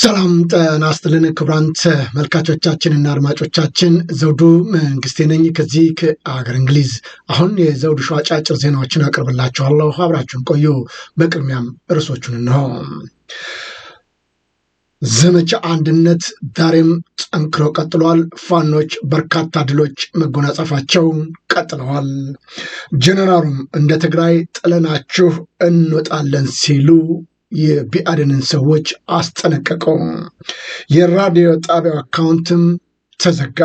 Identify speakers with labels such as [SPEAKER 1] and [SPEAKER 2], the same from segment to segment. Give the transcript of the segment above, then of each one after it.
[SPEAKER 1] ሰላም ጤና ይስጥልን ክቡራን ተመልካቾቻችንና አድማጮቻችን ዘውዱ መንግስቴ ነኝ ከዚህ ከአገር እንግሊዝ። አሁን የዘውዱ ሾው አጫጭር ዜናዎችን አቅርብላችኋለሁ፣ አብራችሁን ቆዩ። በቅድሚያም ርዕሶቹን እንሆ። ዘመቻ አንድነት ዛሬም ጠንክሮ ቀጥሏል። ፋኖች በርካታ ድሎች መጎናጸፋቸው ቀጥለዋል። ጀነራሉም እንደ ትግራይ ጥለናችሁ እንወጣለን ሲሉ የቢአድንን ሰዎች አስጠነቀቀው። የራዲዮ ጣቢያው አካውንትም ተዘጋ።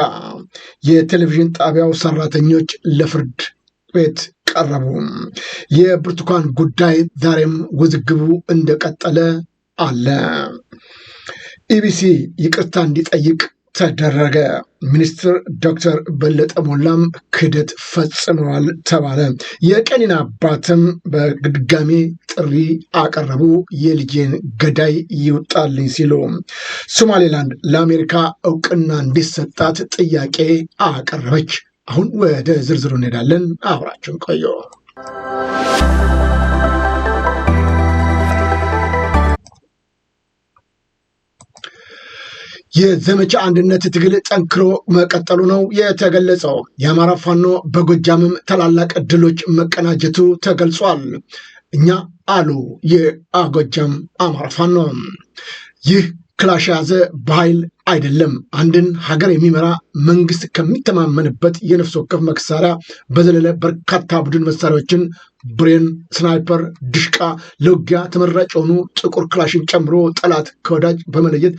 [SPEAKER 1] የቴሌቪዥን ጣቢያው ሰራተኞች ለፍርድ ቤት ቀረቡ። የብርቱካን ጉዳይ ዛሬም ውዝግቡ እንደቀጠለ አለ። ኢቢሲ ይቅርታ እንዲጠይቅ ተደረገ። ሚኒስትር ዶክተር በለጠ ሞላም ክህደት ፈጽመዋል ተባለ። የቀኒን አባትም በድጋሚ ጥሪ አቀረቡ። የልጄን ገዳይ ይውጣልኝ ሲሉ ሶማሌላንድ ለአሜሪካ እውቅና እንዲሰጣት ጥያቄ አቀረበች። አሁን ወደ ዝርዝሩ እንሄዳለን። አብራችን ቆዩ። የዘመቻ አንድነት ትግል ጠንክሮ መቀጠሉ ነው የተገለጸው። የአማራ ፋኖ በጎጃምም ታላላቅ ድሎች መቀናጀቱ ተገልጿል። እኛ አሉ የአጎጃም አማራ ፋኖ ይህ ክላሽ የያዘ በኃይል አይደለም። አንድን ሀገር የሚመራ መንግስት ከሚተማመንበት የነፍስ ወከፍ መሳሪያ በዘለለ በርካታ ቡድን መሳሪያዎችን ብሬን፣ ስናይፐር፣ ድሽቃ ለውጊያ ተመራጭ የሆኑ ጥቁር ክላሽን ጨምሮ ጠላት ከወዳጅ በመለየት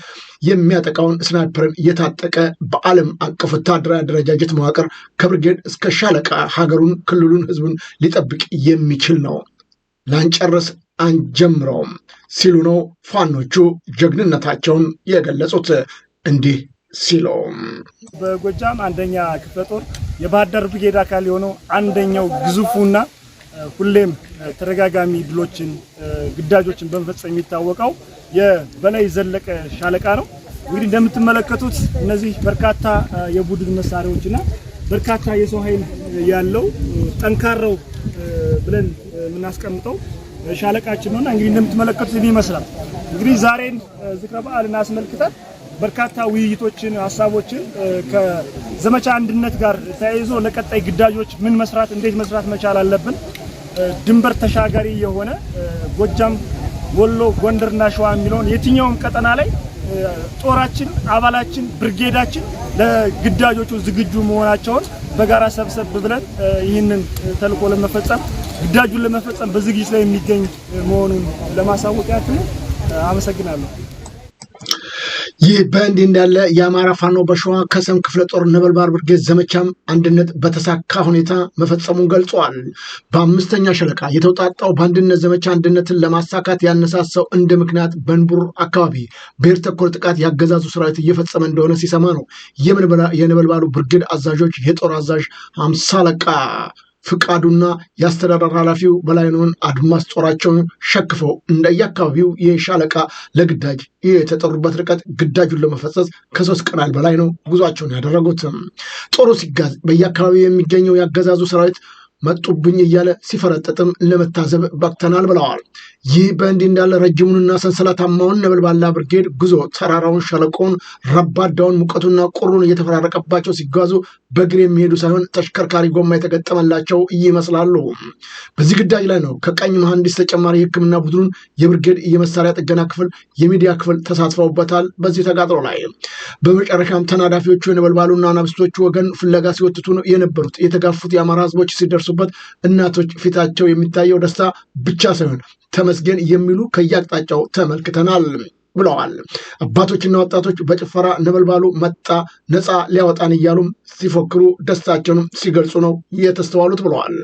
[SPEAKER 1] የሚያጠቃውን ስናይፐርን እየታጠቀ በዓለም አቀፍ ወታደራዊ አደረጃጀት መዋቅር ከብርጌድ እስከ ሻለቃ ሀገሩን፣ ክልሉን፣ ህዝቡን ሊጠብቅ የሚችል ነው። ላንጨርስ አንጀምረውም ሲሉ ነው ፋኖቹ ጀግንነታቸውን የገለጹት። እንዲህ ሲለውም
[SPEAKER 2] በጎጃም አንደኛ ክፍለ ጦር የባህር ዳር ብርጌድ አካል የሆነው አንደኛው ግዙፉና ሁሌም ተደጋጋሚ ድሎችን፣ ግዳጆችን በመፈጸም የሚታወቀው የበላይ ዘለቀ ሻለቃ ነው። እንግዲህ እንደምትመለከቱት እነዚህ በርካታ የቡድን መሳሪያዎችና በርካታ የሰው ኃይል ያለው ጠንካራው ብለን የምናስቀምጠው ሻለቃችን ነውና እንግዲህ እንደምትመለከቱት ይመስላል። እንግዲህ ዛሬን ዝክረ በዓልን አስመልክተን በርካታ ውይይቶችን፣ ሀሳቦችን ከዘመቻ አንድነት ጋር ተያይዞ ለቀጣይ ግዳጆች ምን መስራት፣ እንዴት መስራት መቻል አለብን ድንበር ተሻጋሪ የሆነ ጎጃም፣ ወሎ፣ ጎንደርና ሸዋ የሚለውን የትኛውም ቀጠና ላይ ጦራችን፣ አባላችን፣ ብርጌዳችን ለግዳጆቹ ዝግጁ መሆናቸውን በጋራ ሰብሰብ ብለን ይህንን ተልቆ ለመፈጸም ግዳጁን ለመፈጸም በዝግጅት ላይ የሚገኝ መሆኑን ለማሳወቅ ያክል አመሰግናለሁ።
[SPEAKER 1] ይህ በእንዲህ እንዳለ የአማራ ፋኖ በሸዋ ከሰም ክፍለ ጦር ነበልባል ብርጌድ ዘመቻም አንድነት በተሳካ ሁኔታ መፈጸሙን ገልጿል። በአምስተኛ ሸለቃ የተውጣጣው በአንድነት ዘመቻ አንድነትን ለማሳካት ያነሳሳው እንደ ምክንያት በንቡር አካባቢ ብሔር ተኮር ጥቃት ያገዛዙ ሰራዊት እየፈጸመ እንደሆነ ሲሰማ ነው። የነበልባሉ ብርጌድ አዛዦች የጦር አዛዥ አምሳ አለቃ ፍቃዱና የአስተዳደር ኃላፊው በላይነውን አድማስ ጦራቸውን ሸክፈው እንደየአካባቢው የሻለቃ ለግዳጅ የተጠሩበት ርቀት ግዳጁን ለመፈጸስ ከሶስት ቀናት በላይ ነው ጉዟቸውን ያደረጉት። ጦሩ ሲጋዝ በየአካባቢው የሚገኘው የአገዛዙ ሰራዊት መጡብኝ እያለ ሲፈረጥጥም ለመታዘብ በቅተናል ብለዋል። ይህ በእንዲህ እንዳለ ረጅሙንና ሰንሰለታማውን ነበልባላ ብርጌድ ጉዞ ተራራውን፣ ሸለቆውን፣ ረባዳውን፣ ሙቀቱና ቁሩን እየተፈራረቀባቸው ሲጓዙ በእግር የሚሄዱ ሳይሆን ተሽከርካሪ ጎማ የተገጠመላቸው ይመስላሉ። በዚህ ግዳጅ ላይ ነው ከቀኝ መሐንዲስ ተጨማሪ የሕክምና ቡድኑን የብርጌድ የመሳሪያ ጥገና ክፍል፣ የሚዲያ ክፍል ተሳትፈውበታል። በዚህ ተጋጥሎ ላይ በመጨረሻም ተናዳፊዎቹ የነበልባሉና አናብስቶቹ ወገን ፍለጋ ሲወትቱ የነበሩት የተጋፉት የአማራ ህዝቦች ሲደርሱ በደረሱበት እናቶች ፊታቸው የሚታየው ደስታ ብቻ ሳይሆን ተመስገን የሚሉ ከየአቅጣጫው ተመልክተናል። ብለዋል። አባቶችና ወጣቶች በጭፈራ ነበልባሉ መጣ ነፃ ሊያወጣን እያሉም ሲፎክሩ ደስታቸውንም ሲገልጹ ነው የተስተዋሉት ብለዋል።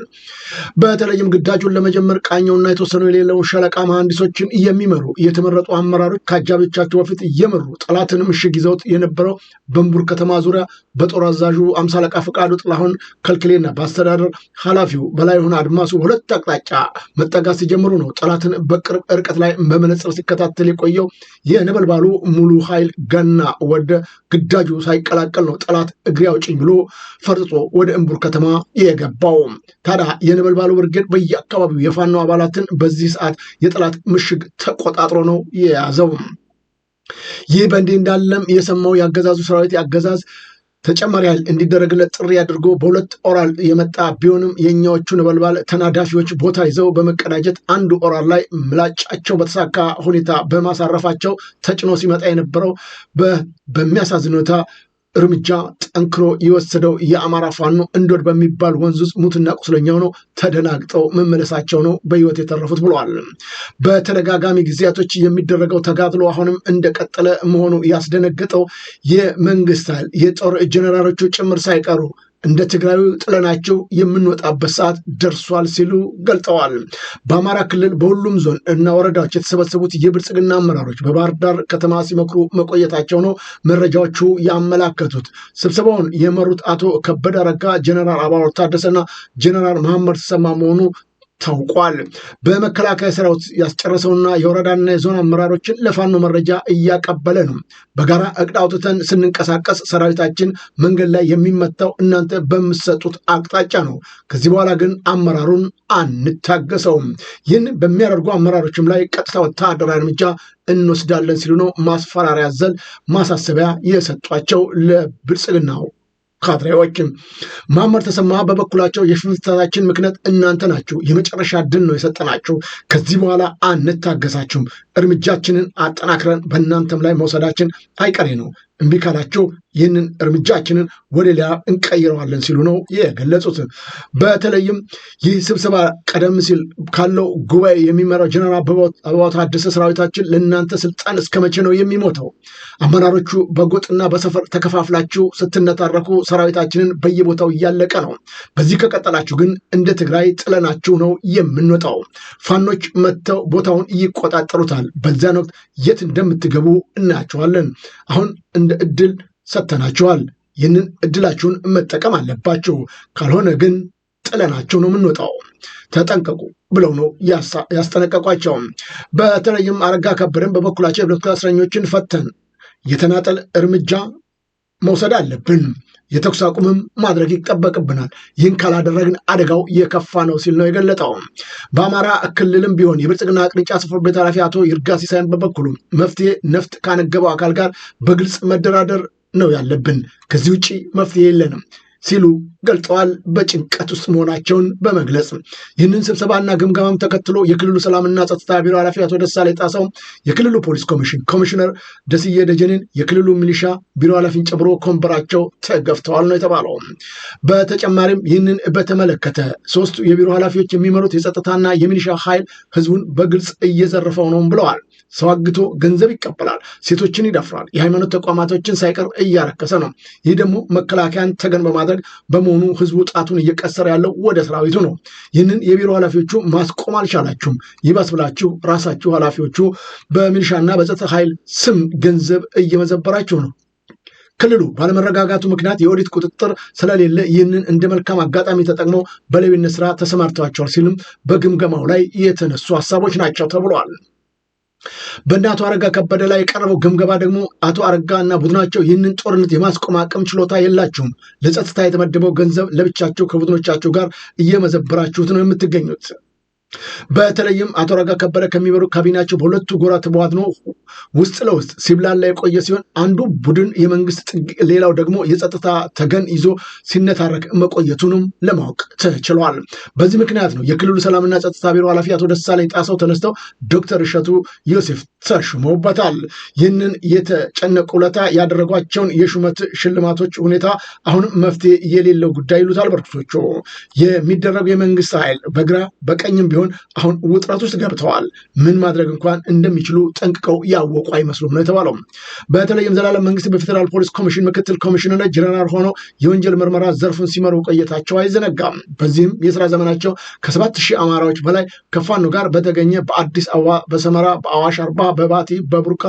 [SPEAKER 1] በተለይም ግዳጁን ለመጀመር ቃኘውና የተወሰኑ የሌለው ሸለቃ መሐንዲሶችን የሚመሩ የተመረጡ አመራሮች ከአጃቢዎቻቸው በፊት እየመሩ ጠላትን ምሽግ ይዘውት የነበረው በንቡር ከተማ ዙሪያ በጦር አዛዡ አምሳ አለቃ ፈቃዱ ጥላሁን ከልክሌና በአስተዳደር ኃላፊው በላይሁን አድማሱ ሁለት አቅጣጫ መጠጋት ሲጀምሩ ነው ጠላትን በቅርብ ርቀት ላይ በመነጽር ሲከታተል የቆየው የነበልባሉ ሙሉ ኃይል ገና ወደ ግዳጁ ሳይቀላቀል ነው ጠላት እግሬ አውጭኝ ብሎ ፈርጥጦ ወደ እምቡር ከተማ የገባው። ታዲያ የነበልባሉ ብርጌድ በየአካባቢው የፋኖ አባላትን በዚህ ሰዓት የጠላት ምሽግ ተቆጣጥሮ ነው የያዘው። ይህ በእንዲህ እንዳለም የሰማው የአገዛዙ ሰራዊት የአገዛዝ ተጨማሪ ኃይል እንዲደረግለት ጥሪ አድርጎ በሁለት ኦራል የመጣ ቢሆንም የእኛዎቹ ነበልባል ተናዳፊዎች ቦታ ይዘው በመቀዳጀት አንዱ ኦራል ላይ ምላጫቸው በተሳካ ሁኔታ በማሳረፋቸው ተጭኖ ሲመጣ የነበረው በሚያሳዝን ሁኔታ እርምጃ ጠንክሮ የወሰደው የአማራ ፋኖ እንዶድ በሚባል ወንዝ ውስጥ ሙትና ቁስለኛ ሆነው ተደናግጠው መመለሳቸው ነው በህይወት የተረፉት ብለዋል። በተደጋጋሚ ጊዜያቶች የሚደረገው ተጋድሎ አሁንም እንደቀጠለ መሆኑ ያስደነገጠው የመንግስት ኃይል የጦር ጀኔራሎቹ ጭምር ሳይቀሩ እንደ ትግራዊ ጥለናቸው የምንወጣበት ሰዓት ደርሷል ሲሉ ገልጠዋል። በአማራ ክልል በሁሉም ዞን እና ወረዳዎች የተሰበሰቡት የብልጽግና አመራሮች በባህር ዳር ከተማ ሲመክሩ መቆየታቸው ነው መረጃዎቹ ያመላከቱት። ስብሰባውን የመሩት አቶ ከበደ ረጋ፣ ጀነራል አባወር ታደሰና ጀነራል መሐመድ ተሰማ መሆኑ ታውቋል። በመከላከያ ሰራዊት ያስጨረሰውና የወረዳና የዞን አመራሮችን ለፋኖ መረጃ እያቀበለ ነው። በጋራ እቅድ አውጥተን ስንንቀሳቀስ ሰራዊታችን መንገድ ላይ የሚመታው እናንተ በምትሰጡት አቅጣጫ ነው። ከዚህ በኋላ ግን አመራሩን አንታገሰውም። ይህን በሚያደርጉ አመራሮችም ላይ ቀጥታ ወታደራዊ እርምጃ እንወስዳለን ሲሉ ነው ማስፈራሪያ ዘል ማሳሰቢያ የሰጧቸው ለብልጽግናው ካድሬዎችም ማመር ተሰማ በበኩላቸው የሽንፈታችን ምክንያት እናንተ ናችሁ። የመጨረሻ ድል ነው የሰጠናችሁ። ከዚህ በኋላ አንታገሳችሁም። እርምጃችንን አጠናክረን በእናንተም ላይ መውሰዳችን አይቀሬ ነው። እምቢ ካላችሁ ይህንን እርምጃችንን ወደ ሌላ እንቀይረዋለን ሲሉ ነው የገለጹት። በተለይም ይህ ስብሰባ ቀደም ሲል ካለው ጉባኤ የሚመራው ጀነራል አበባው ታደሰ ሰራዊታችን ለእናንተ ስልጣን እስከ መቼ ነው የሚሞተው? አመራሮቹ በጎጥና በሰፈር ተከፋፍላችሁ ስትነታረኩ ሰራዊታችንን በየቦታው እያለቀ ነው። በዚህ ከቀጠላችሁ ግን እንደ ትግራይ ጥለናችሁ ነው የምንወጣው። ፋኖች መጥተው ቦታውን ይቆጣጠሩታል። በዚያን ወቅት የት እንደምትገቡ እናያቸዋለን። አሁን እንደ እድል ሰተናቸዋል ይህንን እድላችሁን መጠቀም አለባችሁ። ካልሆነ ግን ጥለናቸው ነው የምንወጣው። ተጠንቀቁ ብለው ነው ያስጠነቀቋቸው። በተለይም አረጋ ከበደን በበኩላቸው የፖለቲካ እስረኞችን ፈተን የተናጠል እርምጃ መውሰድ አለብን፣ የተኩስ አቁምም ማድረግ ይጠበቅብናል። ይህን ካላደረግን አደጋው የከፋ ነው ሲል ነው የገለጠው። በአማራ ክልልም ቢሆን የብልጽግና ቅርጫ ጽሕፈት ቤት ኃላፊ አቶ ይርጋ ሲሳይን በበኩሉ መፍትሄ ነፍጥ ካነገበው አካል ጋር በግልጽ መደራደር ነው ያለብን። ከዚህ ውጭ መፍትሄ የለንም ሲሉ ገልጸዋል። በጭንቀት ውስጥ መሆናቸውን በመግለጽ ይህንን ስብሰባና ግምገማም ተከትሎ የክልሉ ሰላምና ጸጥታ ቢሮ ኃላፊ አቶ ደሳለኝ ጣሰው የክልሉ ፖሊስ ኮሚሽን ኮሚሽነር ደስዬ ደጀንን የክልሉ ሚሊሻ ቢሮ ኃላፊን ጨምሮ ከወንበራቸው ተገፍተዋል ነው የተባለው። በተጨማሪም ይህንን በተመለከተ ሶስቱ የቢሮ ኃላፊዎች የሚመሩት የጸጥታና የሚሊሻ ኃይል ህዝቡን በግልጽ እየዘረፈው ነው ብለዋል። ሰው አግቶ ገንዘብ ይቀበላል፣ ሴቶችን ይደፍራል፣ የሃይማኖት ተቋማቶችን ሳይቀር እያረከሰ ነው። ይህ ደግሞ መከላከያን ተገን በማድረግ በመሆኑ ህዝቡ ጣቱን እየቀሰረ ያለው ወደ ሰራዊቱ ነው። ይህንን የቢሮ ኃላፊዎቹ ማስቆም አልቻላችሁም። ይባስ ብላችሁ ራሳችሁ ኃላፊዎቹ በሚልሻና በፀጥታ ኃይል ስም ገንዘብ እየመዘበራችሁ ነው። ክልሉ ባለመረጋጋቱ ምክንያት የኦዲት ቁጥጥር ስለሌለ ይህንን እንደ መልካም አጋጣሚ ተጠቅመው በሌብነት ስራ ተሰማርተዋቸዋል ሲልም በግምገማው ላይ የተነሱ ሀሳቦች ናቸው ተብሏል። በእነ አቶ አረጋ ከበደ ላይ የቀረበው ግምገማ ደግሞ አቶ አረጋ እና ቡድናቸው ይህንን ጦርነት የማስቆም አቅም ችሎታ የላችሁም፣ ለጸጥታ የተመደበው ገንዘብ ለብቻቸው ከቡድኖቻቸው ጋር እየመዘበራችሁት ነው የምትገኙት በተለይም አቶ አረጋ ከበደ ከሚመሩ ካቢናቸው በሁለቱ ጎራ ተቧድኖ ውስጥ ለውስጥ ሲብላላ የቆየ ሲሆን አንዱ ቡድን የመንግስት ጥግ፣ ሌላው ደግሞ የጸጥታ ተገን ይዞ ሲነታረክ መቆየቱንም ለማወቅ ተችሏል። በዚህ ምክንያት ነው የክልሉ ሰላምና ጸጥታ ቢሮ ኃላፊ አቶ ደሳለኝ ጣሰው ተነስተው ዶክተር እሸቱ ዮሴፍ ተሹመውበታል። ይህንን የተጨነቁ ለታ ያደረጓቸውን የሹመት ሽልማቶች ሁኔታ አሁንም መፍትሄ የሌለው ጉዳይ ይሉታል በርክቶቹ የሚደረጉ የመንግስት ኃይል በግራ በቀኝም ቢሆን ቢሆን አሁን ውጥረት ውስጥ ገብተዋል። ምን ማድረግ እንኳን እንደሚችሉ ጠንቅቀው ያወቁ አይመስሉም ነው የተባለው። በተለይም ዘላለም መንግስት በፌዴራል ፖሊስ ኮሚሽን ምክትል ኮሚሽነር ጀነራል ሆነው የወንጀል ምርመራ ዘርፉን ሲመሩ ቆየታቸው አይዘነጋም። በዚህም የስራ ዘመናቸው ከሰባት ሺህ አማራዎች በላይ ከፋኖ ጋር በተገኘ በአዲስ አበባ፣ በሰመራ፣ በአዋሽ አርባ፣ በባቲ፣ በቡርቃ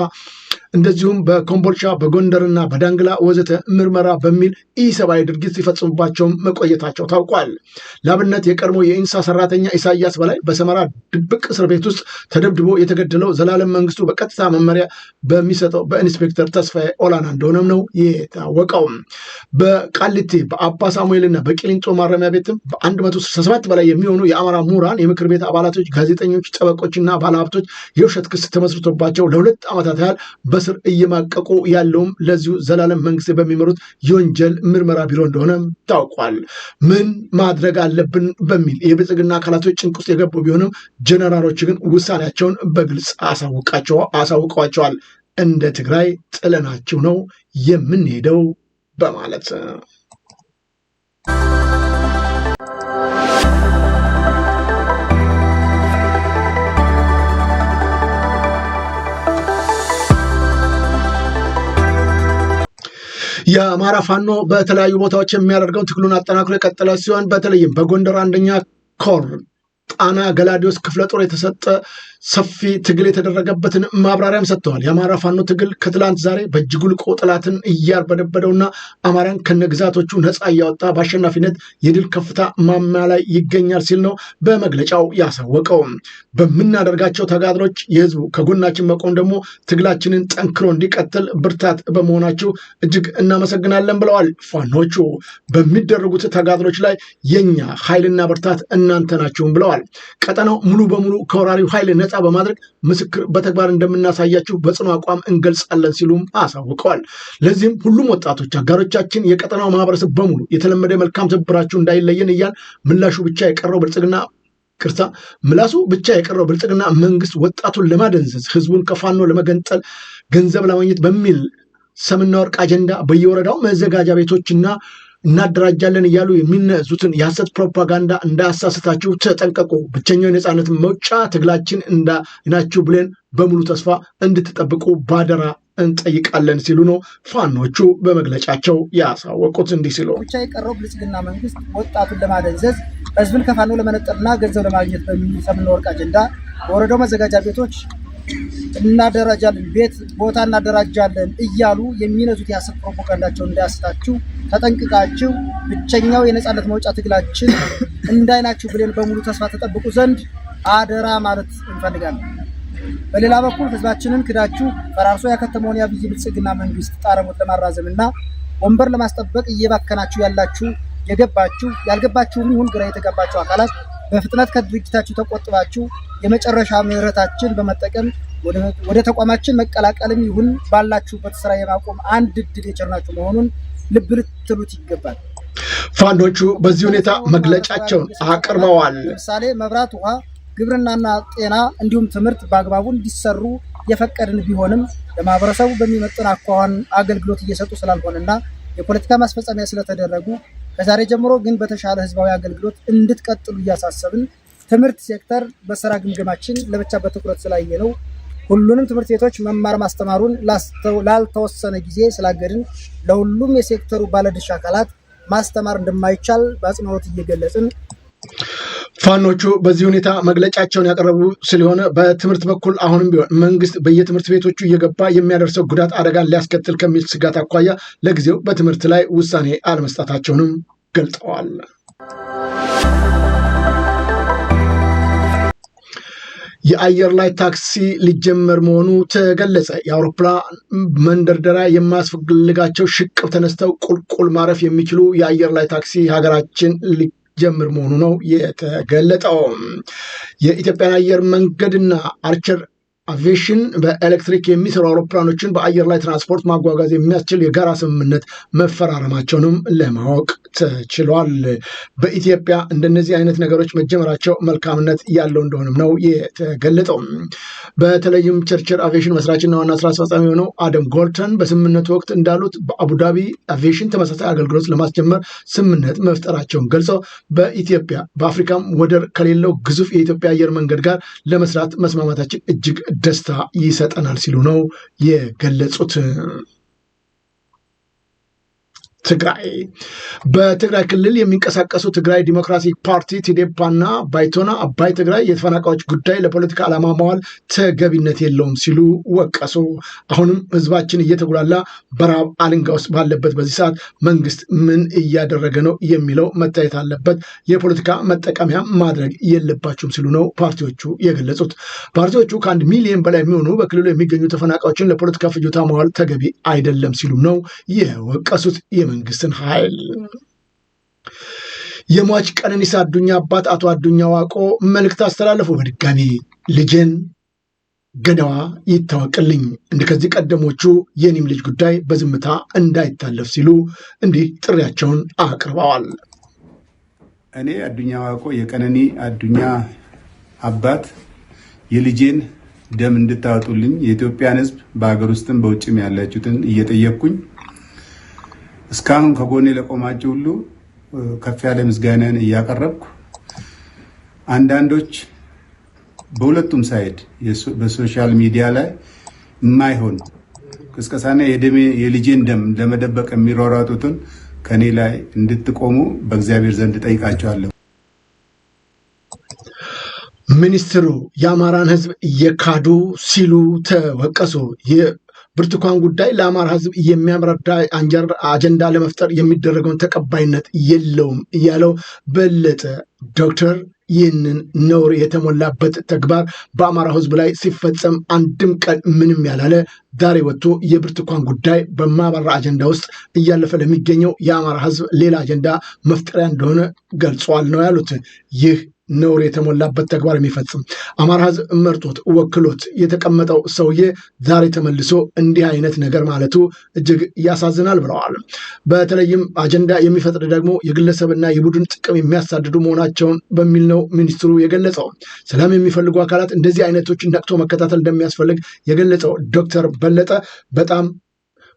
[SPEAKER 1] እንደዚሁም በኮምቦልቻ በጎንደርና በዳንግላ ወዘተ ምርመራ በሚል ኢሰብአዊ ድርጊት ሲፈጽሙባቸውም መቆየታቸው ታውቋል። ለአብነት የቀድሞ የኢንሳ ሰራተኛ ኢሳያስ በላይ በሰመራ ድብቅ እስር ቤት ውስጥ ተደብድቦ የተገደለው ዘላለም መንግስቱ በቀጥታ መመሪያ በሚሰጠው በኢንስፔክተር ተስፋዬ ኦላና እንደሆነም ነው የታወቀው። በቃሊቲ በአባ ሳሙኤልና በቂሊንጦ ማረሚያ ቤትም በ167 በላይ የሚሆኑ የአማራ ምሁራን፣ የምክር ቤት አባላቶች፣ ጋዜጠኞች፣ ጠበቆችና ባለሀብቶች የውሸት ክስ ተመስርቶባቸው ለሁለት ዓመታት ያህል በስር እየማቀቁ ያለውም ለዚሁ ዘላለም መንግስት በሚመሩት የወንጀል ምርመራ ቢሮ እንደሆነ ታውቋል። ምን ማድረግ አለብን በሚል የብልጽግና አካላቶች ጭንቅ ውስጥ የገቡ ቢሆንም ጀነራሎች ግን ውሳኔያቸውን በግልጽ አሳውቀዋቸዋል። እንደ ትግራይ ጥለናችሁ ነው የምንሄደው በማለት የአማራ ፋኖ በተለያዩ ቦታዎች የሚያደርገውን ትግሉን አጠናክሮ የቀጠለ ሲሆን በተለይም በጎንደር አንደኛ ኮር ጣና ገላዲዮስ ክፍለ ጦር የተሰጠ ሰፊ ትግል የተደረገበትን ማብራሪያም ሰጥተዋል። የአማራ ፋኖ ትግል ከትላንት ዛሬ በእጅጉ ልቆ ጠላትን እያርበደበደውና አማራን ከነግዛቶቹ ነፃ እያወጣ በአሸናፊነት የድል ከፍታ ማማ ላይ ይገኛል ሲል ነው በመግለጫው ያሳወቀው። በምናደርጋቸው ተጋድሎች የህዝቡ ከጎናችን መቆም ደግሞ ትግላችንን ጠንክሮ እንዲቀጥል ብርታት በመሆናችሁ እጅግ እናመሰግናለን ብለዋል። ፋኖቹ በሚደረጉት ተጋድሎች ላይ የኛ ኃይልና ብርታት እናንተ ናችሁም ብለዋል። ብለዋል። ቀጠናው ሙሉ በሙሉ ከወራሪው ኃይል ነፃ በማድረግ ምስክር በተግባር እንደምናሳያችሁ በጽኑ አቋም እንገልጻለን ሲሉም አሳውቀዋል። ለዚህም ሁሉም ወጣቶች አጋሮቻችን፣ የቀጠናው ማህበረሰብ በሙሉ የተለመደ መልካም ትብብራችሁ እንዳይለየን እያል ምላሹ ብቻ የቀረው ብልጽግና ቅርታ ምላሱ ብቻ የቀረው ብልጽግና መንግስት ወጣቱን ለማደንዘዝ ህዝቡን ከፋኖ ለመገንጠል ገንዘብ ለማግኘት በሚል ሰምና ወርቅ አጀንዳ በየወረዳው መዘጋጃ ቤቶችና እናደራጃለን እያሉ የሚነዙትን የሐሰት ፕሮፓጋንዳ እንዳያሳስታችሁ ተጠንቀቁ። ብቸኛው የነፃነት መውጫ ትግላችን እንዳይናችሁ ብለን በሙሉ ተስፋ እንድትጠብቁ ባደራ እንጠይቃለን ሲሉ ነው ፋኖቹ በመግለጫቸው ያሳወቁት። እንዲህ ሲሉ ብቻ የቀረው ብልጽግና መንግስት ወጣቱን ለማደንዘዝ ህዝብን ከፋኖ ለመነጠርና ገንዘብ ለማግኘት በሚሰምን ወርቅ አጀንዳ በወረዳው መዘጋጃ ቤቶች እናደራጃለን፣ ቤት ቦታ እናደራጃለን እያሉ የሚነዙት የሐሰት ፕሮፓጋንዳቸውን እንዳያስታችሁ ተጠንቅቃችሁ ብቸኛው የነፃነት መውጫ ትግላችን እንዳይናችሁ ብሌን በሙሉ ተስፋ ተጠብቁ ዘንድ አደራ ማለት እንፈልጋለን። በሌላ በኩል ህዝባችንን ክዳችሁ ፈራርሶ ያከተመውን የአብይ ብልጽግና መንግስት ጣረሞት ለማራዘም እና ወንበር ለማስጠበቅ እየባከናችሁ ያላችሁ የገባችሁ ያልገባችሁም ይሁን ግራ የተገባችሁ አካላት በፍጥነት ከድርጅታችሁ ተቆጥባችሁ የመጨረሻ ምህረታችን በመጠቀም ወደ ተቋማችን መቀላቀልም ይሁን ባላችሁበት ስራ የማቆም አንድ እድል የቸርናችሁ መሆኑን ልብ ልትሉት ይገባል። ፋንዶቹ በዚህ ሁኔታ መግለጫቸውን አቅርበዋል። ለምሳሌ መብራት፣ ውሃ፣ ግብርናና ጤና እንዲሁም ትምህርት በአግባቡ እንዲሰሩ የፈቀድን ቢሆንም ለማህበረሰቡ በሚመጥን አኳኋን አገልግሎት እየሰጡ ስላልሆነና የፖለቲካ ማስፈጸሚያ ስለተደረጉ ከዛሬ ጀምሮ ግን በተሻለ ህዝባዊ አገልግሎት እንድትቀጥሉ እያሳሰብን ትምህርት ሴክተር በስራ ግምገማችን ለብቻ በትኩረት ስላየ ነው ሁሉንም ትምህርት ቤቶች መማር ማስተማሩን ላልተወሰነ ጊዜ ስላገድን ለሁሉም የሴክተሩ ባለድርሻ አካላት ማስተማር እንደማይቻል በአጽንኦት እየገለጽን ፋኖቹ በዚህ ሁኔታ መግለጫቸውን ያቀረቡ ስለሆነ በትምህርት በኩል አሁንም ቢሆን መንግስት በየትምህርት ቤቶቹ እየገባ የሚያደርሰው ጉዳት አደጋን ሊያስከትል ከሚል ስጋት አኳያ ለጊዜው በትምህርት ላይ ውሳኔ አለመስጣታቸውንም ገልጠዋል። የአየር ላይ ታክሲ ሊጀመር መሆኑ ተገለጸ። የአውሮፕላን መንደርደሪያ የማያስፈልጋቸው ሽቅብ ተነስተው ቁልቁል ማረፍ የሚችሉ የአየር ላይ ታክሲ ሀገራችን ጀምር መሆኑ ነው የተገለጠው። የኢትዮጵያ አየር መንገድና አርቸር አቪሽን በኤሌክትሪክ የሚሰሩ አውሮፕላኖችን በአየር ላይ ትራንስፖርት ማጓጓዝ የሚያስችል የጋራ ስምምነት መፈራረማቸውንም ለማወቅ ተችሏል። በኢትዮጵያ እንደነዚህ አይነት ነገሮች መጀመራቸው መልካምነት ያለው እንደሆነም ነው የተገለጠው። በተለይም ቸርችል አቪሽን መስራችና ዋና ስራ አስፈጻሚ የሆነው አደም ጎልተን በስምምነቱ ወቅት እንዳሉት በአቡዳቢ አቪሽን ተመሳሳይ አገልግሎት ለማስጀመር ስምምነት መፍጠራቸውን ገልጸው በኢትዮጵያ በአፍሪካም ወደር ከሌለው ግዙፍ የኢትዮጵያ አየር መንገድ ጋር ለመስራት መስማማታችን እጅግ ደስታ ይሰጠናል ሲሉ ነው የገለጹት። ትግራይ በትግራይ ክልል የሚንቀሳቀሱ ትግራይ ዲሞክራሲ ፓርቲ ቲዴፓና ባይቶና አባይ ትግራይ የተፈናቃዮች ጉዳይ ለፖለቲካ ዓላማ መዋል ተገቢነት የለውም ሲሉ ወቀሱ። አሁንም ህዝባችን እየተጉላላ በራብ አልንጋ ውስጥ ባለበት በዚህ ሰዓት መንግስት ምን እያደረገ ነው የሚለው መታየት አለበት። የፖለቲካ መጠቀሚያ ማድረግ የለባቸውም ሲሉ ነው ፓርቲዎቹ የገለጹት። ፓርቲዎቹ ከአንድ ሚሊዮን በላይ የሚሆኑ በክልሉ የሚገኙ ተፈናቃዮችን ለፖለቲካ ፍጆታ መዋል ተገቢ አይደለም ሲሉም ነው የወቀሱት። መንግስትን ኃይል የሟች ቀነኒሳ አዱኛ አባት አቶ አዱኛ ዋቆ መልእክት አስተላለፉ። በድጋሚ ልጄን ገዳዋ ይታወቅልኝ፣ እንደ ከዚህ ቀደሞቹ የኔም ልጅ ጉዳይ በዝምታ እንዳይታለፍ ሲሉ እንዲህ ጥሪያቸውን አቅርበዋል። እኔ አዱኛ ዋቆ የቀነኒ አዱኛ አባት የልጄን ደም እንድታወጡልኝ የኢትዮጵያን ሕዝብ በሀገር ውስጥም በውጭም ያላችሁትን እየጠየቅኩኝ እስካሁን ከጎኔ ለቆማችሁ ሁሉ ከፍ ያለ ምስጋናን እያቀረብኩ አንዳንዶች በሁለቱም ሳይድ በሶሻል ሚዲያ ላይ የማይሆን ቅስቀሳና የደሜ የልጄን ደም ለመደበቅ የሚሯሯጡትን ከኔ ላይ እንድትቆሙ በእግዚአብሔር ዘንድ ጠይቃቸዋለሁ። ሚኒስትሩ የአማራን ሕዝብ እየካዱ ሲሉ ተወቀሱ። ብርቱካን ጉዳይ ለአማራ ህዝብ የሚያምረዳ አንጀር አጀንዳ ለመፍጠር የሚደረገውን ተቀባይነት የለውም እያለው በለጠ ዶክተር ይህንን ነውር የተሞላበት ተግባር በአማራ ህዝብ ላይ ሲፈጸም አንድም ቀን ምንም ያላለ ዛሬ ወጥቶ የብርቱካን ጉዳይ በማያባራ አጀንዳ ውስጥ እያለፈ ለሚገኘው የአማራ ህዝብ ሌላ አጀንዳ መፍጠሪያ እንደሆነ ገልጿል ነው ያሉት። ይህ ነውር የተሞላበት ተግባር የሚፈጽም አማራ ህዝብ መርጦት ወክሎት የተቀመጠው ሰውዬ ዛሬ ተመልሶ እንዲህ አይነት ነገር ማለቱ እጅግ ያሳዝናል ብለዋል። በተለይም አጀንዳ የሚፈጥር ደግሞ የግለሰብና የቡድን ጥቅም የሚያሳድዱ መሆናቸውን በሚል ነው ሚኒስትሩ የገለጸው። ሰላም የሚፈልጉ አካላት እንደዚህ አይነቶች ነቅቶ መከታተል እንደሚያስፈልግ የገለጸው ዶክተር በለጠ በጣም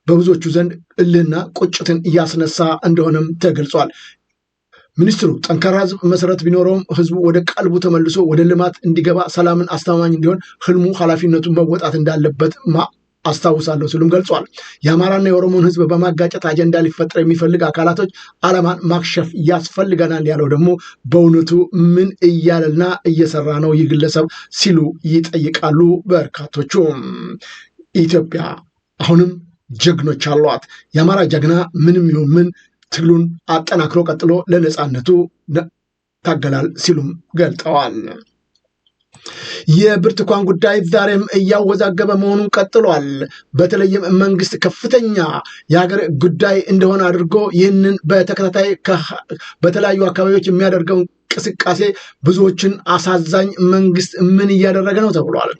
[SPEAKER 1] በብዙዎቹ ዘንድ እልህና ቁጭትን እያስነሳ እንደሆነም ተገልጿል። ሚኒስትሩ ጠንካራ ህዝብ መሰረት ቢኖረውም ህዝቡ ወደ ቀልቡ ተመልሶ ወደ ልማት እንዲገባ፣ ሰላምን አስተማማኝ እንዲሆን ህልሙ ኃላፊነቱን መወጣት እንዳለበት አስታውሳለሁ ሲሉም ገልጿል። የአማራና የኦሮሞን ህዝብ በማጋጨት አጀንዳ ሊፈጠር የሚፈልግ አካላቶች አላማን ማክሸፍ ያስፈልገናል ያለው ደግሞ በእውነቱ ምን እያለና እየሰራ ነው ይህ ግለሰብ ሲሉ ይጠይቃሉ። በርካቶቹ። ኢትዮጵያ አሁንም ጀግኖች አሏት። የአማራ ጀግና ምንም ይሁን ምን ትግሉን አጠናክሮ ቀጥሎ ለነፃነቱ ታገላል ሲሉም ገልጠዋል። የብርቱካን ጉዳይ ዛሬም እያወዛገበ መሆኑን ቀጥሏል። በተለይም መንግስት ከፍተኛ የሀገር ጉዳይ እንደሆነ አድርጎ ይህንን በተከታታይ በተለያዩ አካባቢዎች የሚያደርገውን እንቅስቃሴ ብዙዎችን አሳዛኝ መንግስት ምን እያደረገ ነው ተብሏል።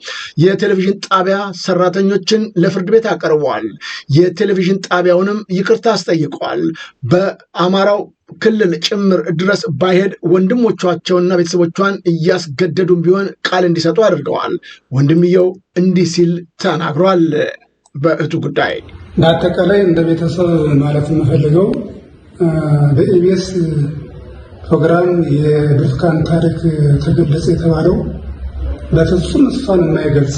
[SPEAKER 1] የቴሌቪዥን ጣቢያ ሰራተኞችን ለፍርድ ቤት አቀርቧል። የቴሌቪዥን ጣቢያውንም ይቅርታ አስጠይቋል። በአማራው ክልል ጭምር ድረስ ባይሄድ ወንድሞቿቸውና ቤተሰቦቿን እያስገደዱም ቢሆን ቃል እንዲሰጡ አድርገዋል። ወንድምየው እንዲህ ሲል ተናግሯል። በእህቱ ጉዳይ በአጠቃላይ እንደ ቤተሰብ ማለት የምፈልገው በኢቢኤስ ፕሮግራም የብርቱካን ታሪክ ተገለጸ የተባለው በፍጹም እሷን የማይገልጽ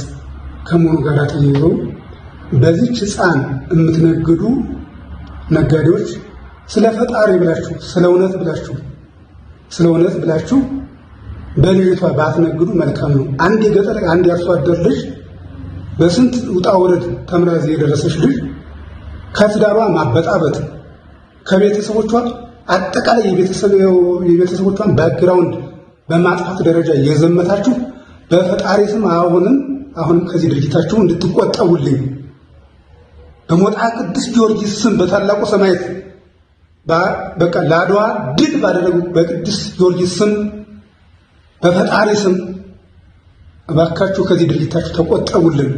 [SPEAKER 1] ከመሆኑ ጋር ተያይዞ በዚች ሕፃን የምትነግዱ ነጋዴዎች ስለ ፈጣሪ ብላችሁ ስለ እውነት ብላችሁ ስለ እውነት ብላችሁ በልጅቷ ባትነግዱ መልካም ነው። አንድ የገጠር አንድ የአርሶ አደር ልጅ በስንት ውጣ ውረድ ተምራ የደረሰች ልጅ ከትዳሯ ማበጣበጥ ከቤተሰቦቿ አጠቃላይ የቤተሰቦቿን ባክግራውንድ በማጥፋት ደረጃ የዘመታችሁ በፈጣሪ ስም አሁንም አሁንም ከዚህ ድርጊታችሁ እንድትቆጠቡልኝ በሞጣ ቅዱስ ጊዮርጊስ ስም በታላቁ ሰማዕት በቃ ለአድዋ ድል ባደረጉ በቅዱስ ጊዮርጊስ ስም በፈጣሪ ስም እባካችሁ ከዚህ ድርጊታችሁ ተቆጠቡልን።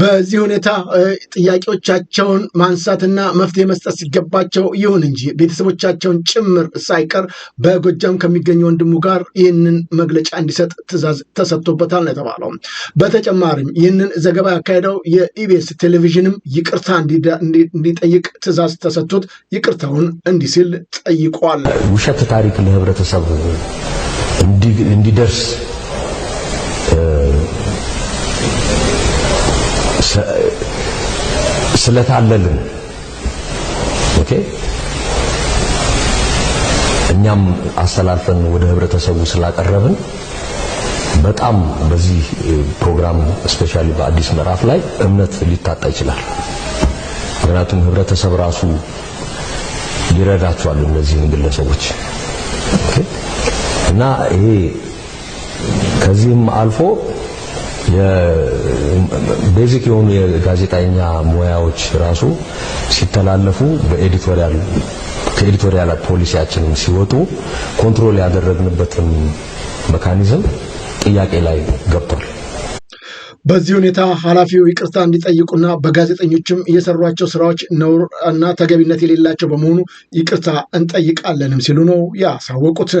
[SPEAKER 1] በዚህ ሁኔታ ጥያቄዎቻቸውን ማንሳትና መፍትሄ መስጠት ሲገባቸው፣ ይሁን እንጂ ቤተሰቦቻቸውን ጭምር ሳይቀር በጎጃም ከሚገኙ ወንድሙ ጋር ይህንን መግለጫ እንዲሰጥ ትዕዛዝ ተሰጥቶበታል ነው የተባለው። በተጨማሪም ይህንን ዘገባ ያካሄደው የኢቢኤስ ቴሌቪዥንም ይቅርታ እንዲጠይቅ ትዕዛዝ ተሰጥቶት ይቅርታውን እንዲህ ሲል ጠይቋል። ውሸት ታሪክ ለህብረተሰብ እንዲደርስ ስለታለልን ኦኬ እኛም አስተላልፈን ወደ ህብረተሰቡ ስላቀረብን በጣም በዚህ ፕሮግራም ስፔሻሊ በአዲስ ምዕራፍ ላይ እምነት ሊታጣ ይችላል። ምክንያቱም ህብረተሰብ ራሱ ይረዳቸዋል እነዚህን ግለሰቦች እና ይሄ ከዚህም አልፎ ቤዚክ የሆኑ የጋዜጠኛ ሙያዎች ራሱ ሲተላለፉ በኤዲቶሪያል ከኤዲቶሪያል ፖሊሲያችንም ሲወጡ ኮንትሮል ያደረግንበትን መካኒዝም ጥያቄ ላይ ገብቷል። በዚህ ሁኔታ ኃላፊው ይቅርታ እንዲጠይቁና በጋዜጠኞችም የሰሯቸው ስራዎች ነውር እና ተገቢነት የሌላቸው በመሆኑ ይቅርታ እንጠይቃለንም ሲሉ ነው ያሳወቁት።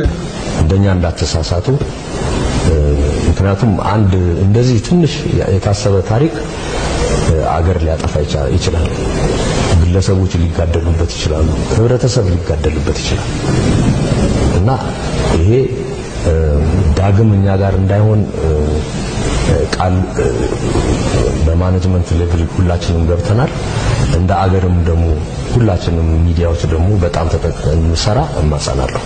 [SPEAKER 1] እንደኛ እንዳትሳሳቱ ምክንያቱም አንድ እንደዚህ ትንሽ የታሰበ ታሪክ አገር ሊያጠፋ ይችላል። ግለሰቦች ሊጋደሉበት ይችላሉ። ህብረተሰብ ሊጋደሉበት ይችላል እና ይሄ ዳግም እኛ ጋር እንዳይሆን ቃል በማኔጅመንት ሌቭል ሁላችንም ገብተናል። እንደ አገርም ደግሞ ሁላችንም ሚዲያዎች ደግሞ በጣም ተጠቅመን እንሰራ እማጸናለሁ።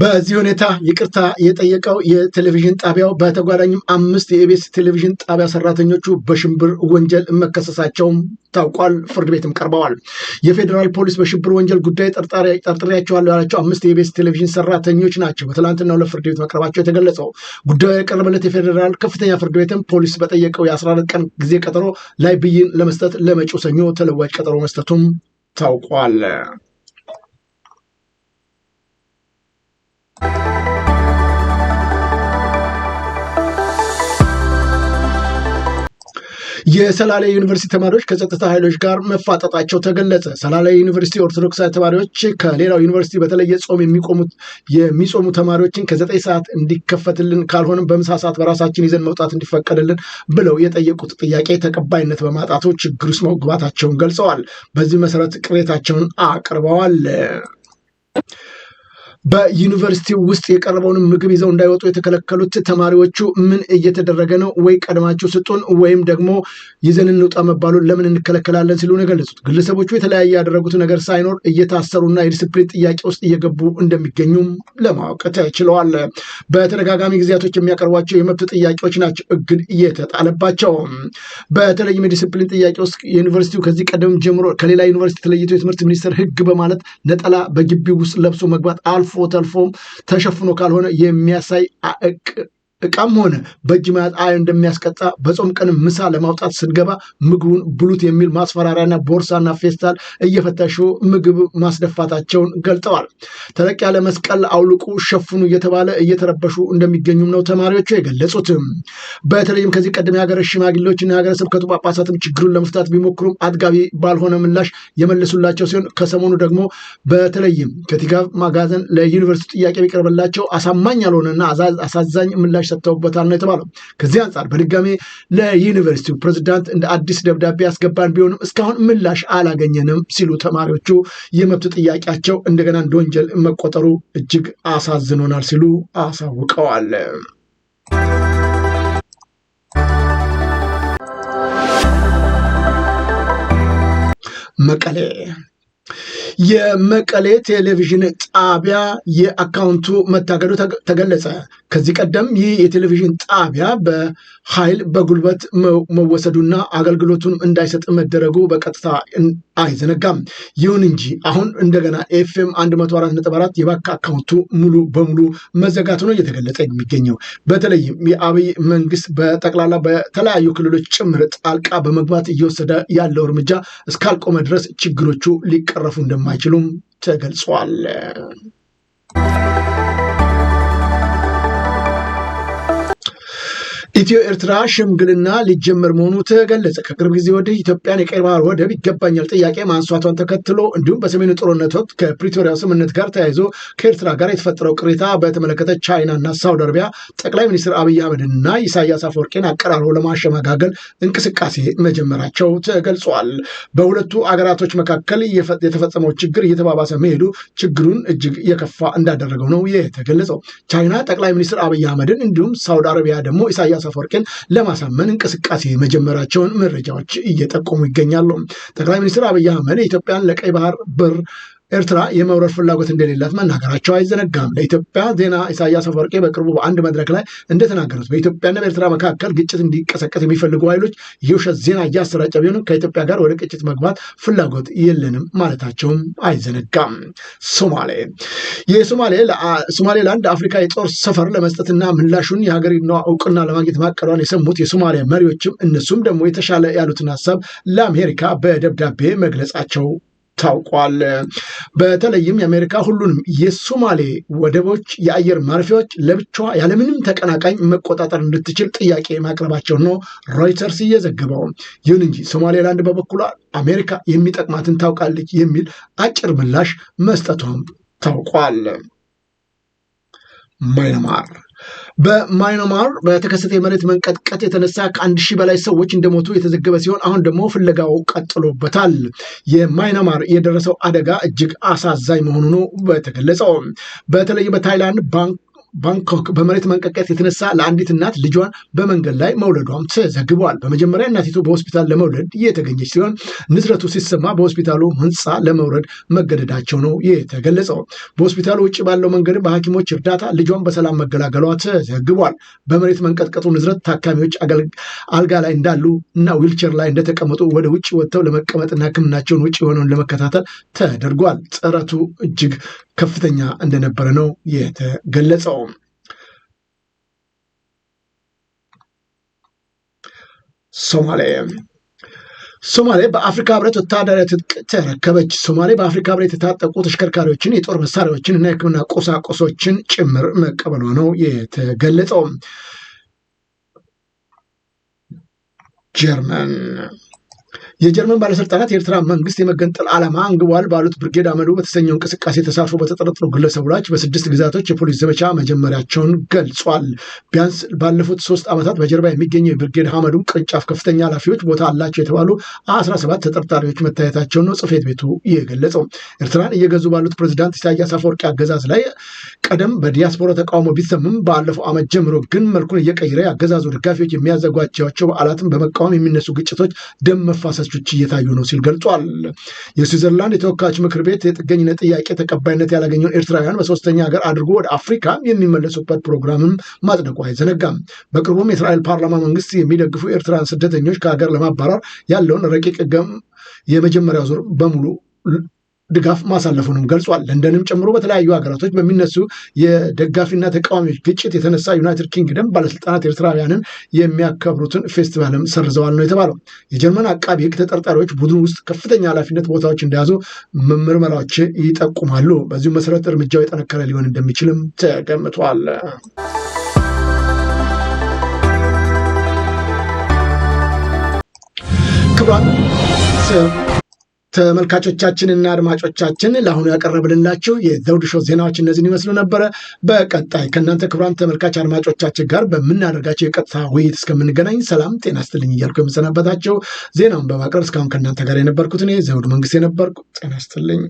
[SPEAKER 1] በዚህ ሁኔታ ይቅርታ የጠየቀው የቴሌቪዥን ጣቢያው በተጓዳኝም አምስት የኢቢኤስ ቴሌቪዥን ጣቢያ ሰራተኞቹ በሽብር ወንጀል መከሰሳቸውም ታውቋል። ፍርድ ቤትም ቀርበዋል። የፌዴራል ፖሊስ በሽብር ወንጀል ጉዳይ ጠርጥሬያቸዋለሁ ያላቸው አምስት የኢቢኤስ ቴሌቪዥን ሰራተኞች ናቸው በትላንትና ሁለት ፍርድ ቤት መቅረባቸው የተገለጸው። ጉዳዩ የቀረበለት የፌዴራል ከፍተኛ ፍርድ ቤትም ፖሊስ በጠየቀው የ14 ቀን ጊዜ ቀጠሮ ላይ ብይን ለመስጠት ለመጪው ሰኞ ተለዋጭ ቀጠሮ መስጠቱም ታውቋል። የሰላሌ ዩኒቨርሲቲ ተማሪዎች ከጸጥታ ኃይሎች ጋር መፋጠጣቸው ተገለጸ። ሰላሌ ዩኒቨርሲቲ ኦርቶዶክሳዊ ተማሪዎች ከሌላው ዩኒቨርሲቲ በተለየ ጾም የሚቆሙት የሚጾሙ ተማሪዎችን ከዘጠኝ ሰዓት እንዲከፈትልን ካልሆንም በምሳ ሰዓት በራሳችን ይዘን መውጣት እንዲፈቀድልን ብለው የጠየቁት ጥያቄ ተቀባይነት በማጣቱ ችግር ውስጥ መግባታቸውን ገልጸዋል። በዚህ መሰረት ቅሬታቸውን አቅርበዋል። በዩኒቨርሲቲ ውስጥ የቀረበውን ምግብ ይዘው እንዳይወጡ የተከለከሉት ተማሪዎቹ ምን እየተደረገ ነው? ወይ ቀድማቸው ስጡን ወይም ደግሞ ይዘን እንውጣ መባሉ ለምን እንከለከላለን? ሲሉ ነው የገለጹት። ግለሰቦቹ የተለያየ ያደረጉት ነገር ሳይኖር እየታሰሩና የዲስፕሊን ጥያቄ ውስጥ እየገቡ እንደሚገኙም ለማወቅ ተችለዋል። በተደጋጋሚ ጊዜያቶች የሚያቀርቧቸው የመብት ጥያቄዎች ናቸው እግድ እየተጣለባቸው። በተለይም የዲስፕሊን ጥያቄ ውስጥ ዩኒቨርሲቲው ከዚህ ቀደም ጀምሮ ከሌላ ዩኒቨርሲቲ ተለይቶ የትምህርት ሚኒስቴር ህግ በማለት ነጠላ በግቢ ውስጥ ለብሶ መግባት አልፎ አልፎ ተልፎም ተሸፍኖ ካልሆነ የሚያሳይ እቃም ሆነ በእጅ መያዝ አይ እንደሚያስቀጣ በጾም ቀን ምሳ ለማውጣት ስንገባ ምግቡን ብሉት የሚል ማስፈራሪያና ቦርሳና ፌስታል እየፈተሹ ምግብ ማስደፋታቸውን ገልጠዋል። ተለቅ ያለ መስቀል አውልቁ፣ ሸፍኑ እየተባለ እየተረበሹ እንደሚገኙም ነው ተማሪዎቹ የገለጹትም። በተለይም ከዚህ ቀደም የሀገረ ሽማግሌዎችና የሀገረ ስብከቱ ጳጳሳትም ችግሩን ለመፍታት ቢሞክሩም አጥጋቢ ባልሆነ ምላሽ የመለሱላቸው ሲሆን ከሰሞኑ ደግሞ በተለይም ከቲጋብ ማጋዘን ለዩኒቨርሲቲ ጥያቄ ቢቀርብላቸው አሳማኝ ያልሆነና አሳዛኝ ምላሽ ሰጥተውበታል ነው የተባለው። ከዚህ አንጻር በድጋሜ ለዩኒቨርሲቲው ፕሬዚዳንት እንደ አዲስ ደብዳቤ ያስገባን ቢሆንም እስካሁን ምላሽ አላገኘንም ሲሉ ተማሪዎቹ የመብት ጥያቄያቸው እንደገና እንደ ወንጀል መቆጠሩ እጅግ አሳዝኖናል ሲሉ አሳውቀዋል። መቀሌ የመቀሌ ቴሌቪዥን ጣቢያ የአካውንቱ መታገዱ ተገለጸ። ከዚህ ቀደም ይህ የቴሌቪዥን ጣቢያ በኃይል በጉልበት መወሰዱና አገልግሎቱን እንዳይሰጥ መደረጉ በቀጥታ አይዘነጋም። ይሁን እንጂ አሁን እንደገና ኤፍኤም 144 የባክ አካውንቱ ሙሉ በሙሉ መዘጋቱ ነው እየተገለጸ የሚገኘው። በተለይም የአብይ መንግስት በጠቅላላ በተለያዩ ክልሎች ጭምር ጣልቃ በመግባት እየወሰደ ያለው እርምጃ እስካልቆመ ድረስ ችግሮቹ ሊቀረፉ እንደማ እንደማይችሉም ተገልጿል። ኢትዮ ኤርትራ ሽምግልና ሊጀመር መሆኑ ተገለጸ። ከቅርብ ጊዜ ወዲህ ኢትዮጵያን የቀይ ባህር ወደብ ይገባኛል ጥያቄ ማንሷቷን ተከትሎ እንዲሁም በሰሜኑ ጦርነት ወቅት ከፕሪቶሪያው ስምምነት ጋር ተያይዞ ከኤርትራ ጋር የተፈጠረው ቅሬታ በተመለከተ ቻይናና ሳውዲ አረቢያ ጠቅላይ ሚኒስትር አብይ አህመድና ኢሳያስ አፈወርቄን አቀራርቦ ለማሸመጋገል እንቅስቃሴ መጀመራቸው ተገልጿል። በሁለቱ አገራቶች መካከል የተፈጸመው ችግር እየተባባሰ መሄዱ ችግሩን እጅግ የከፋ እንዳደረገው ነው የተገለጸው። ቻይና ጠቅላይ ሚኒስትር አብይ አህመድን እንዲሁም ሳውዲ አረቢያ ደግሞ ኢሳያስ አፈወርቂን ለማሳመን እንቅስቃሴ መጀመራቸውን መረጃዎች እየጠቆሙ ይገኛሉ። ጠቅላይ ሚኒስትር አብይ አህመድ ኢትዮጵያን ለቀይ ባህር በር ኤርትራ የመውረር ፍላጎት እንደሌላት መናገራቸው አይዘነጋም። ለኢትዮጵያ ዜና ኢሳያስ አፈወርቂ በቅርቡ በአንድ መድረክ ላይ እንደተናገሩት በኢትዮጵያና በኤርትራ መካከል ግጭት እንዲቀሰቀስ የሚፈልጉ ኃይሎች የውሸት ዜና እያሰራጨ ቢሆንም ከኢትዮጵያ ጋር ወደ ግጭት መግባት ፍላጎት የለንም ማለታቸውም አይዘነጋም። ሶማሌ የሶማሌላንድ አፍሪካ የጦር ሰፈር ለመስጠትና ምላሹን የሀገሪቷ እውቅና ለማግኘት ማቀዷን የሰሙት የሶማሌ መሪዎችም እነሱም ደግሞ የተሻለ ያሉትን ሀሳብ ለአሜሪካ በደብዳቤ መግለጻቸው ታውቋል። በተለይም የአሜሪካ ሁሉንም የሶማሌ ወደቦች የአየር ማረፊያዎች ለብቻዋ ያለምንም ተቀናቃኝ መቆጣጠር እንድትችል ጥያቄ ማቅረባቸውን ነው ሮይተርስ እየዘገበው። ይሁን እንጂ ሶማሌላንድ በበኩሏ አሜሪካ የሚጠቅማትን ታውቃለች የሚል አጭር ምላሽ መስጠቷም ታውቋል። ማይናማር በማይናማር በተከሰተ የመሬት መንቀጥቀጥ የተነሳ ከአንድ ሺህ በላይ ሰዎች እንደሞቱ የተዘገበ ሲሆን አሁን ደግሞ ፍለጋው ቀጥሎበታል። የማይናማር የደረሰው አደጋ እጅግ አሳዛኝ መሆኑ ነው በተገለጸው በተለይ በታይላንድ ባንክ ባንኮክ በመሬት መንቀጥቀጥ የተነሳ ለአንዲት እናት ልጇን በመንገድ ላይ መውለዷም ተዘግቧል። በመጀመሪያ እናቲቱ በሆስፒታል ለመውለድ የተገኘች ሲሆን ንዝረቱ ሲሰማ በሆስፒታሉ ህንፃ ለመውረድ መገደዳቸው ነው የተገለጸው። በሆስፒታሉ ውጭ ባለው መንገድ በሐኪሞች እርዳታ ልጇን በሰላም መገላገሏ ተዘግቧል። በመሬት መንቀጥቀጡ ንዝረት ታካሚዎች አልጋ ላይ እንዳሉ እና ዊልቸር ላይ እንደተቀመጡ ወደ ውጭ ወጥተው ለመቀመጥና ህክምናቸውን ውጭ የሆነውን ለመከታተል ተደርጓል። ጥረቱ እጅግ ከፍተኛ እንደነበረ ነው የተገለጸው። ሶማሌ ሶማሌ በአፍሪካ ህብረት ወታደራዊ ትጥቅ ተረከበች። ሶማሌ በአፍሪካ ህብረት የታጠቁ ተሽከርካሪዎችን፣ የጦር መሳሪያዎችን እና የህክምና ቁሳቁሶችን ጭምር መቀበሏ ነው የተገለጸው። ጀርመን የጀርመን ባለስልጣናት የኤርትራ መንግስት የመገንጠል ዓላማ አንግቧል ባሉት ብርጌድ አመዱ በተሰኘው እንቅስቃሴ ተሳትፎ በተጠረጠሩ ግለሰቦች በስድስት ግዛቶች የፖሊስ ዘመቻ መጀመሪያቸውን ገልጿል። ቢያንስ ባለፉት ሶስት ዓመታት በጀርባ የሚገኘው የብርጌድ አመዱ ቅርንጫፍ ከፍተኛ ኃላፊዎች ቦታ አላቸው የተባሉ አስራ ሰባት ተጠርጣሪዎች መታየታቸውን ነው ጽህፈት ቤቱ የገለጸው። ኤርትራን እየገዙ ባሉት ፕሬዚዳንት ኢሳያስ አፈወርቂ አገዛዝ ላይ ቀደም በዲያስፖራ ተቃውሞ ቢሰምም ባለፈው ዓመት ጀምሮ ግን መልኩን እየቀየረ የአገዛዙ ደጋፊዎች የሚያዘጋጇቸው በዓላትን በመቃወም የሚነሱ ግጭቶች ደም መፋሰስ ተመልካቾች እየታዩ ነው ሲል ገልጿል። የስዊዘርላንድ የተወካዮች ምክር ቤት የጥገኝነት ጥያቄ ተቀባይነት ያላገኘውን ኤርትራውያን በሶስተኛ ሀገር አድርጎ ወደ አፍሪካ የሚመለሱበት ፕሮግራምም ማጽደቁ አይዘነጋም። በቅርቡም የእስራኤል ፓርላማ መንግስት የሚደግፉ ኤርትራን ስደተኞች ከሀገር ለማባረር ያለውን ረቂቅ ገም የመጀመሪያው ዙር በሙሉ ድጋፍ ማሳለፉንም ገልጿል። ለንደንም ጨምሮ በተለያዩ ሀገራቶች በሚነሱ የደጋፊና ተቃዋሚዎች ግጭት የተነሳ ዩናይትድ ኪንግደም ባለስልጣናት ኤርትራውያንን የሚያከብሩትን ፌስቲቫልም ሰርዘዋል ነው የተባለው። የጀርመን አቃቢ ሕግ ተጠርጣሪዎች ቡድን ውስጥ ከፍተኛ ኃላፊነት ቦታዎች እንደያዙ ምርመራዎች ይጠቁማሉ። በዚሁ መሰረት እርምጃው የጠነከረ ሊሆን እንደሚችልም ተገምቷል። ክብራን ተመልካቾቻችንና አድማጮቻችን ለአሁኑ ያቀረብንላችሁ የዘውዱ ሾው ዜናዎች እነዚህን ይመስሉ ነበረ። በቀጣይ ከእናንተ ክቡራን ተመልካች አድማጮቻችን ጋር በምናደርጋቸው የቀጥታ ውይይት እስከምንገናኝ ሰላም ጤና ስትልኝ እያልኩ የምሰናበታቸው ዜናውን በማቅረብ እስካሁን ከእናንተ ጋር የነበርኩት እኔ ዘውዱ መንግስት የነበርኩ ጤና ስትልኝ